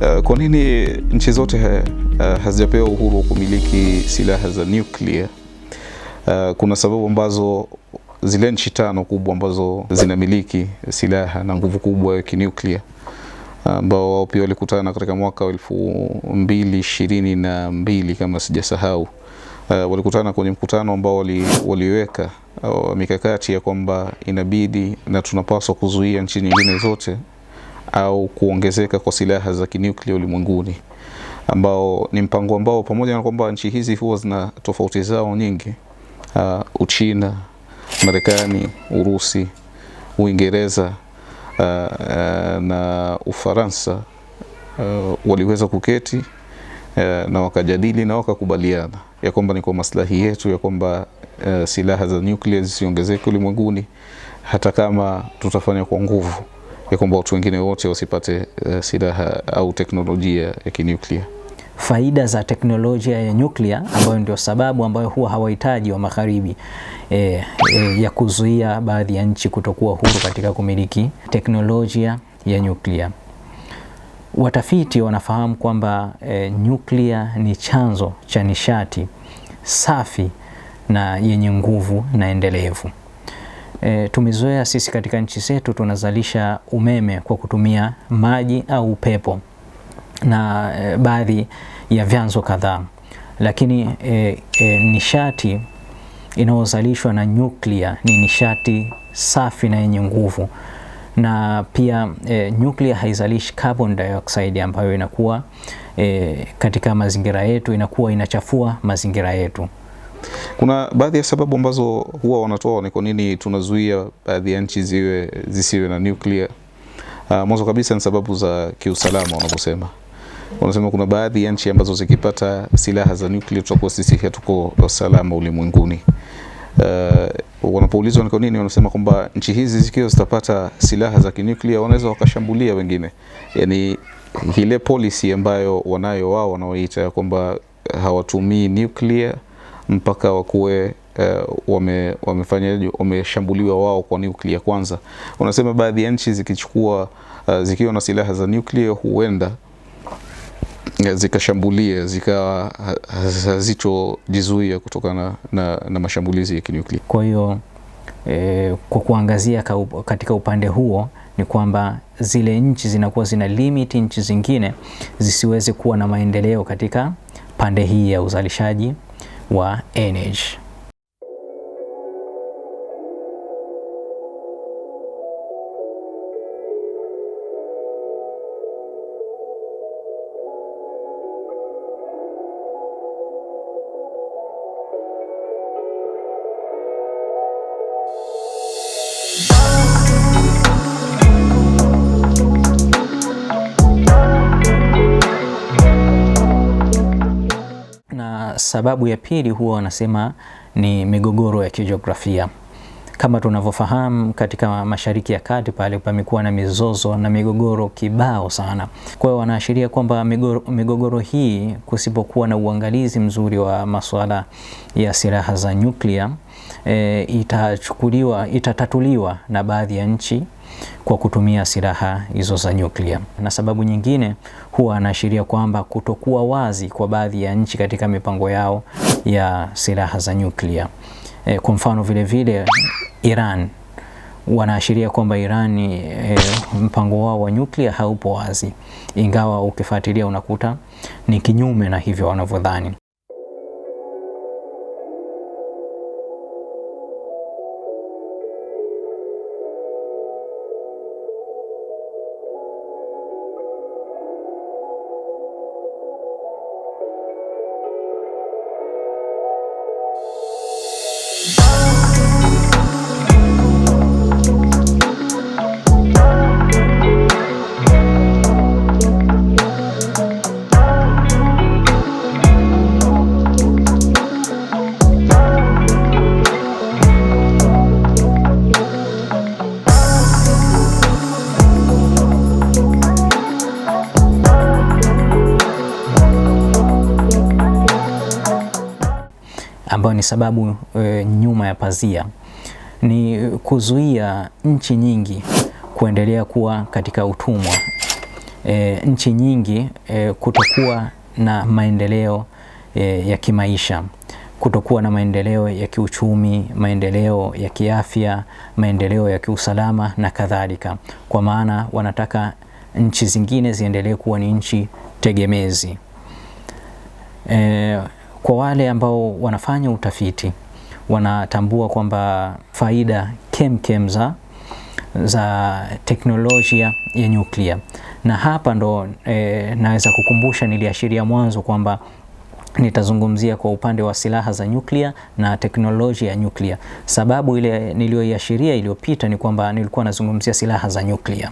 Eh, kwa nini nchi zote uh, hazijapewa uhuru wa kumiliki silaha za nuclear? Uh, kuna sababu ambazo zile nchi tano kubwa ambazo zinamiliki silaha na nguvu kubwa ya kinuklia ambao wao pia walikutana katika mwaka wa elfu mbili ishirini na mbili kama sijasahau. Uh, walikutana kwenye mkutano ambao wali, waliweka uh, mikakati ya kwamba inabidi na tunapaswa kuzuia nchi nyingine zote au kuongezeka kwa silaha za kinuklia ulimwenguni, ambao ni mpango ambao pamoja na kwamba nchi hizi huwa zina tofauti zao nyingi, uh, Uchina, Marekani, Urusi, Uingereza uh, uh, na Ufaransa uh, waliweza kuketi uh, na wakajadili na wakakubaliana ya kwamba ni kwa maslahi yetu ya kwamba uh, silaha za nyuklia zisiongezeke ulimwenguni hata kama tutafanya kwa nguvu ya kwamba watu wengine wote wasipate uh, silaha au teknolojia ya kinuklia. Faida za teknolojia ya nyuklia ambayo ndio sababu ambayo huwa hawahitaji wa magharibi e, e, ya kuzuia baadhi ya nchi kutokuwa huru katika kumiliki teknolojia ya nyuklia. Watafiti wanafahamu kwamba e, nyuklia ni chanzo cha nishati safi na yenye nguvu na endelevu. E, tumezoea sisi katika nchi zetu tunazalisha umeme kwa kutumia maji au upepo na e, baadhi ya vyanzo kadhaa, lakini e, e, nishati inayozalishwa na nyuklia ni nishati safi na yenye nguvu, na pia e, nyuklia haizalishi carbon dioxide ambayo inakuwa e, katika mazingira yetu inakuwa inachafua mazingira yetu. Kuna baadhi ya sababu ambazo huwa wanatoa ni kwa nini tunazuia baadhi ya nchi ziwe zisiwe na nuclear. Uh, mwanzo kabisa ni sababu za kiusalama wanaposema wanasema kuna baadhi ya nchi ambazo zikipata silaha za nuclear tutakuwa sisi hatuko salama ulimwenguni. Uh, wanapoulizwa ni kwa nini, wanasema kwamba nchi hizi zikiwa zitapata silaha za kinuklia wanaweza wakashambulia wengine, yani ile policy ambayo wanayo wao wanaoita kwamba hawatumii nuclear mpaka wakuwe uh, wame, wameshambuliwa wao kwa nuclear kwanza. Unasema baadhi ya nchi zikichukua uh, zikiwa na silaha za nuclear huenda eh, zikashambulia zikawa hazichojizuia kutokana na, na mashambulizi ya kinuklia. Kwa hiyo e, kwa kuangazia ka, katika upande huo ni kwamba zile nchi zinakuwa zina limit nchi zingine zisiweze kuwa na maendeleo katika pande hii ya uzalishaji و energy? sababu ya pili huwa wanasema ni migogoro ya kijiografia. Kama tunavyofahamu katika Mashariki ya Kati pale pamekuwa na mizozo na migogoro kibao sana. Kwa hiyo wanaashiria kwamba migogoro hii, kusipokuwa na uangalizi mzuri wa masuala ya silaha za nyuklia, e, itachukuliwa itatatuliwa na baadhi ya nchi kwa kutumia silaha hizo za nyuklia. Na sababu nyingine huwa anaashiria kwamba kutokuwa wazi kwa baadhi ya nchi katika mipango yao ya silaha za nyuklia. E, kwa mfano vile vile Iran wanaashiria kwamba Iran e, mpango wao wa nyuklia haupo wazi, ingawa ukifuatilia unakuta ni kinyume na hivyo wanavyodhani. Oh. ambayo ni sababu e, nyuma ya pazia ni kuzuia nchi nyingi kuendelea kuwa katika utumwa e, nchi nyingi e, kutokuwa na maendeleo e, ya kimaisha, kutokuwa na maendeleo ya kiuchumi, maendeleo ya kiafya, maendeleo ya kiusalama na kadhalika, kwa maana wanataka nchi zingine ziendelee kuwa ni nchi tegemezi e, kwa wale ambao wanafanya utafiti wanatambua kwamba faida kemkem za, za teknolojia ya nyuklia, na hapa ndo e, naweza kukumbusha, niliashiria mwanzo kwamba nitazungumzia kwa upande wa silaha za nyuklia na teknolojia ya nyuklia. Sababu ile niliyoiashiria iliyopita ni kwamba nilikuwa nazungumzia silaha za nyuklia.